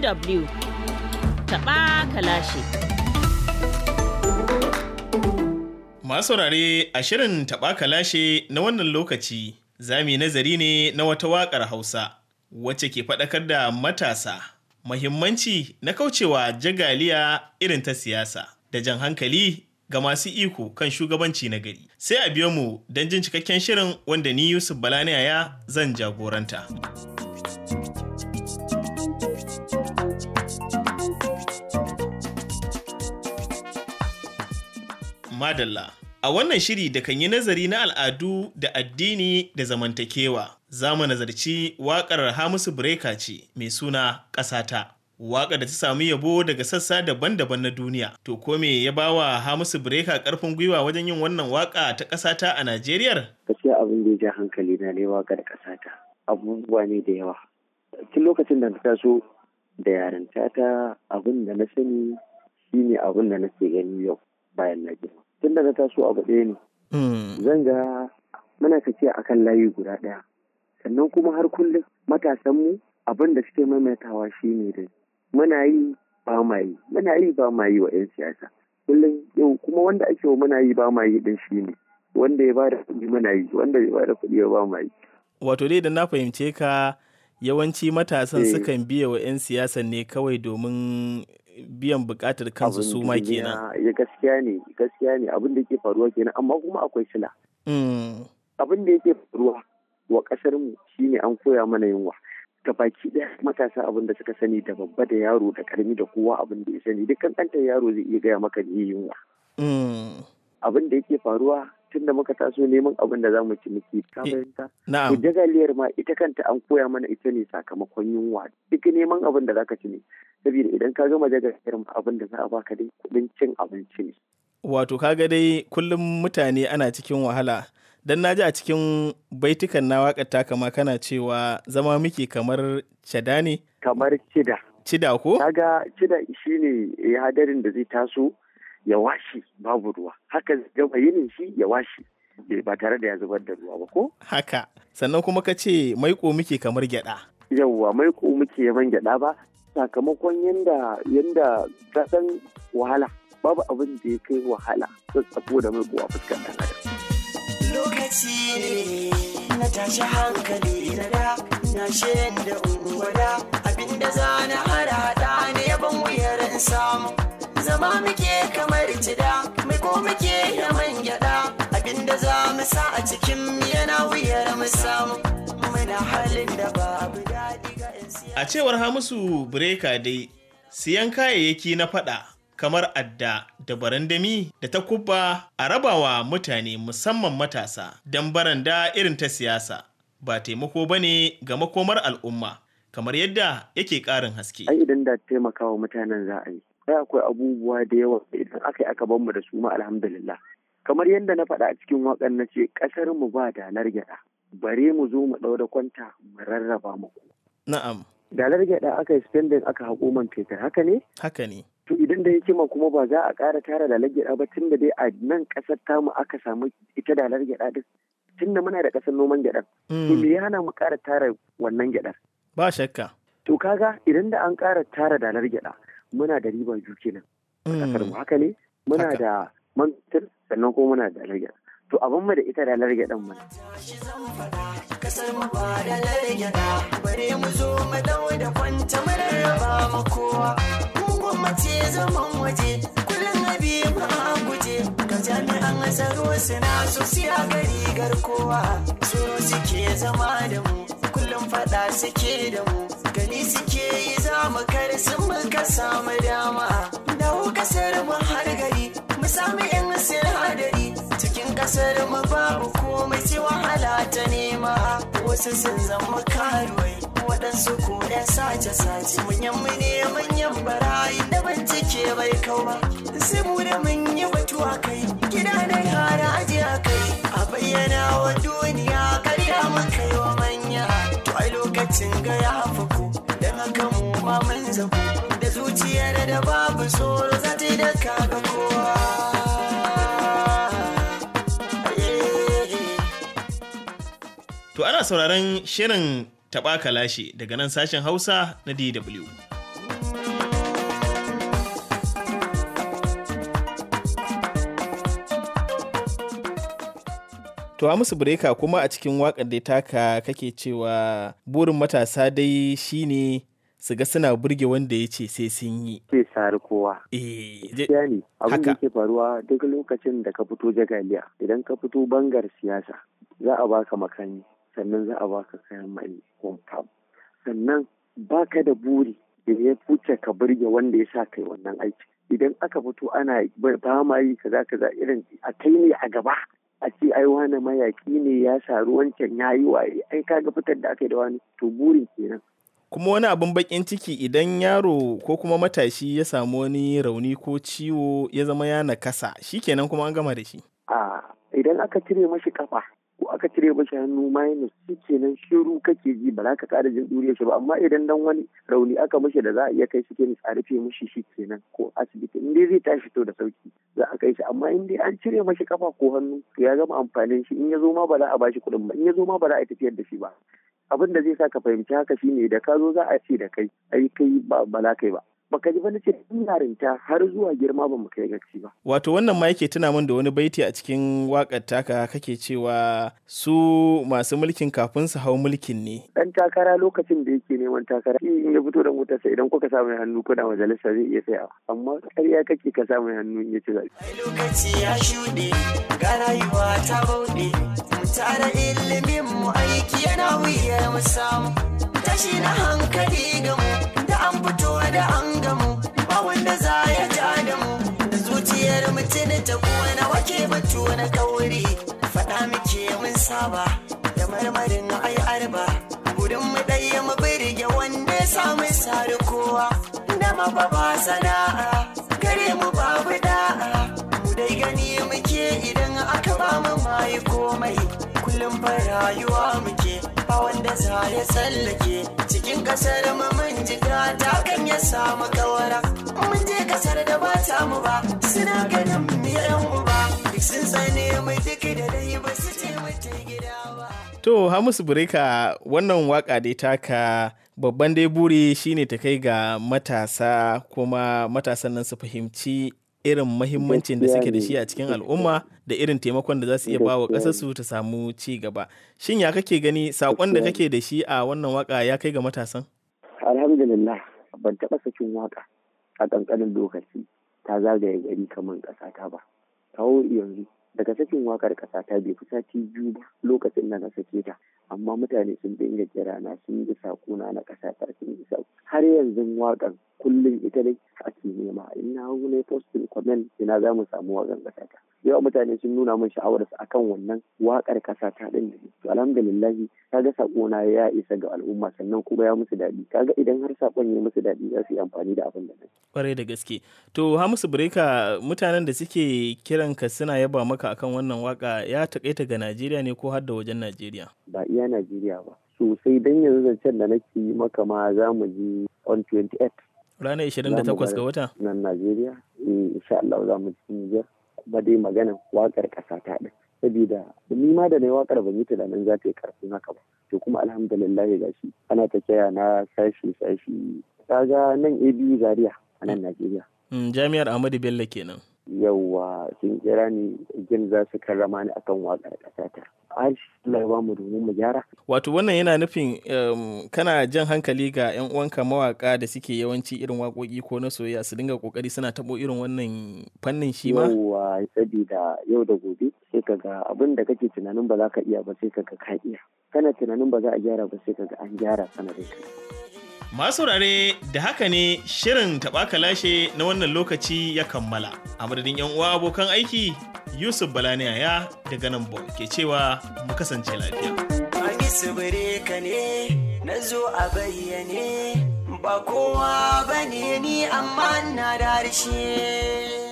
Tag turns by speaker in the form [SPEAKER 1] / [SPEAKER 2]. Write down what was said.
[SPEAKER 1] GW taɓa kalashe. Masu saurare a shirin taɓa kalashe na wannan lokaci za mu nazari ne na wata waƙar Hausa wacce ke faɗakar da matasa mahimmanci na kaucewa jagaliya irin ta siyasa da jan hankali ga masu iko kan shugabanci na gari. Sai a biyo mu don jin cikakken shirin wanda ni Yusuf Balani ya zan jagoranta. Madalla. A wannan shiri da kan yi nazari na al'adu da addini da zamantakewa, za mu nazarci waƙar Hamisu Breka ce mai suna ƙasata. Waƙar da ta samu yabo daga sassa daban-daban na duniya. To ko me ya wa Hamisu Breka ƙarfin gwiwa wajen yin wannan waƙa ta ƙasata a Najeriya?
[SPEAKER 2] Gaskiya abin da ya hankali na ne waƙar ƙasata. Abubuwa ne da yawa. Tun lokacin da na taso da yarinta ta abin da na sani shine abin da nake gani yau bayan na girma. tun da na taso abu ɗaya ne hmm. zan ga muna tafiya kan layi guda ɗaya sannan kuma har kullum matasanmu abin da suke maimaitawa shi ne da muna yi ba ma yi muna yi ba ma yi wa 'yan siyasa kullum yau kuma wanda ake wa muna yi ba ma yi ɗin shi ne wanda ya ba da kuɗi muna yi wanda ya ba da kuɗi ba ma yi
[SPEAKER 1] wato dai da na fahimce ka yawanci matasan eh. sukan biya wa 'yan siyasa ne kawai domin biyan bukatar kansu su ma kenan
[SPEAKER 2] ya gaskiya ne gaskiya ne abin da yake faruwa kenan amma kuma akwai sila
[SPEAKER 1] hmm. abin
[SPEAKER 2] da yake faruwa wa kasar mu shine an koya mana yunwa ga baki daya matasa abin da suka sani da babba da yaro da karmi da kowa abin da ya sani dukkan kankantar yaro zai iya gaya maka ne yunwa
[SPEAKER 3] hmm.
[SPEAKER 2] abin da yake faruwa tun da muka taso neman abin da mu ci miki jagaliyar ma ita kanta an koya mana ita ne sakamakon yunwa duk neman abin da za ka ci ne saboda idan ka gama jagaliyar ma abin da za a baka dai kudin cin abinci
[SPEAKER 1] ne wato kaga dai kullum mutane ana cikin wahala dan ji a cikin baitukan na wakar ta kama kana cewa zama muke kamar cada ne kamar cida
[SPEAKER 2] cida ko kaga cida shine hadarin da zai taso ya washe babu ruwa haka gama yinin shi ya washe eh, ba tare da ya zubar da ruwa ba
[SPEAKER 1] ko haka sannan kuma ka ce maiko muke kamar gyada
[SPEAKER 2] yawwa maiko muke yaman gyada ba sakamakon yanda yanda dan wahala babu abin da ya kai wahala tsatsafo da maiko a fuskar ɗan adam
[SPEAKER 3] lokaci ne na tashi hankali na da na da unguwa da abinda zana hada hada ne yaban wuyar samu zama muke kamar jida, mai ko muke da man gyada abinda za mu sa a cikin yana wuyar mu samu muna halin da babu daɗi ga
[SPEAKER 1] a cewar hamisu breka dai siyan kayayyaki na fada kamar adda da barandami da ta kubba a rabawa mutane musamman matasa don baranda irin ta siyasa ba taimako ba ne ga makomar al'umma kamar yadda yake ƙarin haske.
[SPEAKER 2] Ai idan da taimakawa mutanen za a yi sai akwai abubuwa da yawa idan aka yi aka mu da su ma alhamdulillah kamar yadda na faɗa a cikin waƙar na ce ƙasar mu ba dalar gyaɗa bare mu zo mu ɗau kwanta mu rarraba mu na'am dalar gyaɗa aka yi spending aka haƙo man fetur haka ne haka ne to idan da ma kuma ba za a ƙara tara dalar gyaɗa ba tun da dai a nan ƙasar tamu aka samu ita dalar gyaɗa din tun da muna da ƙasar noman gyaɗar mm. to me yana mu ƙara tara wannan gyaɗar ba shakka to kaga idan da an ƙara tara dalar gyaɗa muna da riba biyu kenan a mm. mu haka ne muna da man sannan kuma muna da alargya to abin mu da ita da alargya din mana
[SPEAKER 3] kasar mu ba da alargya bare mu zo mu dawo da kwanta mu rarraba mu kowa mu gwamnati zaman waje kudin abi ba a guje ga jami'an tsaro suna so siya gari garkowa su suke zama da mu kullum faɗa suke da mu gani suke yi za mu kare sun ka samu dama dawo kasar mu har gari mu samu yan hadari cikin kasar mu babu komai sai wahala ta nema wasu sun zama karuwai waɗansu ko ɗan sace-sace munyan mu ne manyan barayi da cike bai kau ba sai mu da mun yi batuwa kai gida na yara ajiya kai a bayyana wa duniya kariya mu kaiwa cin ga ya hafaku don haka mu ma mun zaku da zuciyar da babu tsoro za ta yi da kaga kowa
[SPEAKER 1] To ana sauraron shirin taɓa kalashe daga nan sashen Hausa na DW. To a musu Breka kuma a cikin wakar da ya taka kake cewa burin matasa dai shine su ga suna burge wanda ya ce sai sun yi.
[SPEAKER 2] Sai sari kowa. Eh, ne abin da ke faruwa duk lokacin da ka fito jagaliya idan ka fito bangar siyasa za a baka makani sannan za a baka kayan mai kwamfam sannan baka da buri da ya fuce ka burge wanda ya sa kai wannan aiki idan aka fito ana ba ma yi kaza kaza irin a kai ne a gaba a ce ai wani mayaƙi ne ya saru wancan ya yi waye ai kaga fitar da aka yi da wani to burin kenan.
[SPEAKER 1] kuma wani abin bakin ciki idan yaro ko kuma matashi ya samu wani rauni ko ciwo ya zama ya nakasa shikenan kuma an gama da shi.
[SPEAKER 2] a idan aka cire mashi kafa ko aka cire mashi hannu minus shi kenan shiru kake ji ba za ka ƙara jin ɗuriyar shi ba amma idan dan wani rauni aka mashi da za a iya kai shi kenan a rufe mashi shi kenan ko asibiti in dai zai tashi to da sauki za a kai shi amma in dai an cire mashi kafa ko hannu ya gama amfanin shi in ya zo ma ba za a bashi kuɗin ba in ya zo ma ba za a tafiyar da shi ba abin da zai sa ka fahimci haka shine da ka zo za a ce da kai ai kai ba bala kai ba baka ji bane ce tun yarinta har zuwa girma ba mu kai gaci ba
[SPEAKER 1] wato wannan ma yake tuna min da wani baiti a cikin wakar taka kake cewa su masu mulkin kafin su hau mulkin ne
[SPEAKER 2] dan takara lokacin da yake neman takara in ya fito da motar sa idan kuka samu hannu kuna majalisa zai iya tsayawa amma ƙarya kake ka samu hannu in ya ci zaɓe
[SPEAKER 3] lokaci ya shuɗe ga rayuwa ta bauɗe tare ilimin mu aiki yana wuyar mu samu tashi na hankali ga mu an fito da an gamu ba wanda za ya ja da mu zuciyar mutum ta na wake batu na kauri faɗa muke mun saba da marmarin ai arba gudun mu ɗaya mu birge wanda ya samu sari kowa da mababa sana'a kare mu babu da'a mu dai gani muke idan aka ba mu mai komai kullum fa rayuwa muke ba wanda za ya tsallake cikin kasar mun jika ta kan ya samu kawara mun je kasar da ba ta mu ba suna ganin mu uba duk sun tsane mai duki da dai ba su ce mace gida ba
[SPEAKER 1] to hamisu bureka wannan waka dai taka babban dai buri shine ta kai ga matasa kuma matasan nan su fahimci irin mahimmancin da suke da shi a cikin al'umma da irin taimakon da za su iya ba wa ƙasarsu ta samu ci gaba shin ya kake gani saƙon da kake da shi a wannan waka ya kai ga matasan
[SPEAKER 2] alhamdulillah ban taɓa sakin waka a ƙanƙanin lokaci ta zagaye gari kamar ƙasata ba kawo yanzu daga sakin wakar ƙasata bai fi sati biyu ba lokacin da na sake ta amma mutane sun dinga kira na sun ji sakuna na ƙasa ta sun ji har yanzu waƙar kullum ita ne ake nema ina na hau ne postin comment ina za mu samu waƙar ƙasa ta yawa mutane sun nuna min sha'awar su akan wannan waƙar kasa ta ɗan da to alhamdulillah kaga sako na ya isa ga al'umma sannan kuma ya musu daɗi kaga idan har sakon ya musu daɗi za su yi amfani da abin da
[SPEAKER 1] kwarai da gaske to Hamisu Breka mutanen da suke kiran ka suna yaba maka akan wannan waka ya taƙaita ga Najeriya ne ko har da wajen Najeriya
[SPEAKER 2] ba iya Najeriya ba sosai dan yanzu zancen da nake yi maka ma za mu ji on 28
[SPEAKER 1] ranar 28 ga wata
[SPEAKER 2] nan Najeriya eh, insha Allah za mu ji kuma dai maganan wakar ƙasa ta ɗin saboda ni ma da na yi wakar ban yi tunanin za ta yi ƙarfin haka ba to kuma alhamdulillah ya shi ana ta kira na sashi sashi kaga nan abu zaria a nan najeriya
[SPEAKER 1] mm, jami'ar ahmadu bello kenan
[SPEAKER 2] Yawwa, sun kira ni gin za su karrama ni akan wakar kasa ta tsari Allah ya mu domin mu gyara.
[SPEAKER 1] Wato wannan yana nufin um, kana jan hankali ga 'yan uwanka mawaka da suke yawanci irin waƙoƙi ko na soyayya su dinga kokari suna tabo irin wannan fannin shi ma.
[SPEAKER 2] Yawwa sabida yau da gobe sai ka ga abin da kake tunanin ba za ka iya ba sai ka ka iya. Kana tunanin ba za a gyara ba sai ka ga an gyara sanadin ka.
[SPEAKER 1] Masu masaurare da haka ne shirin taɓa lashe na wannan lokaci ya kammala a madadin yan uwa abokan aiki yusuf balaniya ya daga nan Ba'u ke cewa mu kasance lafiya
[SPEAKER 3] ka ne na zo a bayyane ba kowa ne ni amma na da harshe